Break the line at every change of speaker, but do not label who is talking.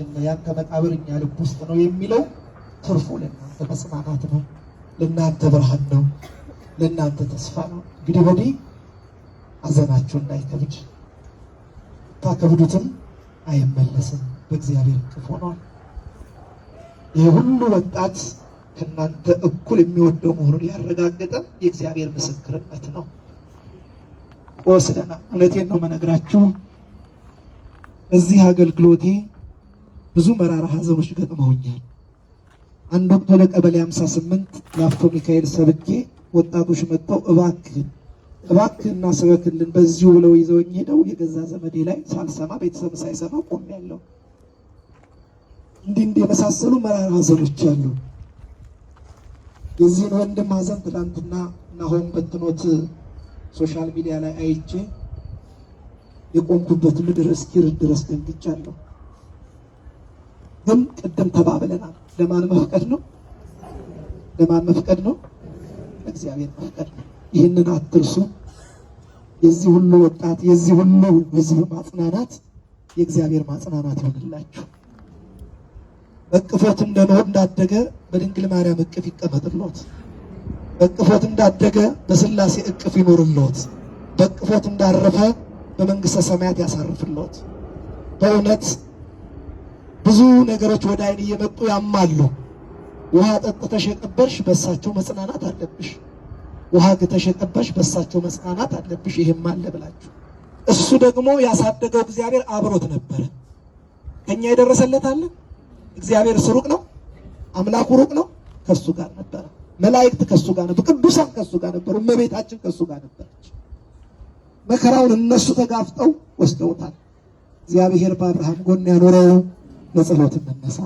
ልባችን ነው። ያንተ መቃብር እኛ ልብ ውስጥ ነው የሚለው ትርፉ ለእናንተ መጽናናት ነው፣ ለእናንተ ብርሃን ነው፣ ለእናንተ ተስፋ ነው። እንግዲህ ወዲህ አዘናችሁ እንዳይከብድ ታከብዱትም አይመለስም በእግዚአብሔር እቅፍ ሆኗል። ይህ ሁሉ ወጣት ከእናንተ እኩል የሚወደው መሆኑን ያረጋገጠ የእግዚአብሔር ምስክርነት ነው። ወስደና እውነቴን ነው መነግራችሁ እዚህ አገልግሎቴ ብዙ መራራ ሀዘኖች ገጥመውኛል። አንድ ወቅት ወደ ቀበሌ 58 ላፍቶ ሚካኤል ሰብኬ ወጣቶች መጥተው እባክህን እና ስበክልን በዚሁ ብለው ይዘውኝ ሄደው የገዛ ዘመዴ ላይ ሳልሰማ ቤተሰብ ሳይሰማ ያለው እንዲህ እንዲህ የመሳሰሉ መራራ ሀዘኖች አሉ። የዚህን ወንድም ሀዘን ትላንትና ናሆም በትኖት ሶሻል ሚዲያ ላይ አይቼ የቆምኩበት ምድር እስኪርድ ድረስ ደንግጫለሁ። ግን ቅድም ተባብለናል። ለማን መፍቀድ ነው? ለማን መፍቀድ ነው? እግዚአብሔር መፍቀድ ነው። ይህንን አትርሱ። የዚህ ሁሉ ወጣት የዚህ ሁሉ ህዝብ ማጽናናት የእግዚአብሔር ማጽናናት ይሆንላችሁ። በቅፎት እንደኖር እንዳደገ በድንግል ማርያም እቅፍ ይቀመጥሎት በቅፎት እንዳደገ በስላሴ እቅፍ ይኖርለት በቅፎት እንዳረፈ በመንግሥተ ሰማያት ያሳርፍለት። በእውነት ብዙ ነገሮች ወደ አይን እየመጡ ያማሉ። ውሃ ጠጥተሽ የቀበርሽ በሳቸው መጽናናት አለብሽ። ውሃ ግተሽ የቀበርሽ በሳቸው መጽናናት አለብሽ። ይሄም አለ ብላችሁ እሱ ደግሞ ያሳደገው እግዚአብሔር አብሮት ነበረ። ከኛ የደረሰለት አለ። እግዚአብሔር ስሩቅ ነው፣ አምላኩ ሩቅ ነው። ከሱ ጋር ነበረ። መላእክት ከሱ ጋር ነበር። ቅዱሳን ከሱ ጋር ነበሩ። እመቤታችን ከሱ ጋር ነበረች። መከራውን እነሱ ተጋፍጠው ወስደውታል። እግዚአብሔር በአብርሃም ጎን ያኖረው ለጸሎት መነሳ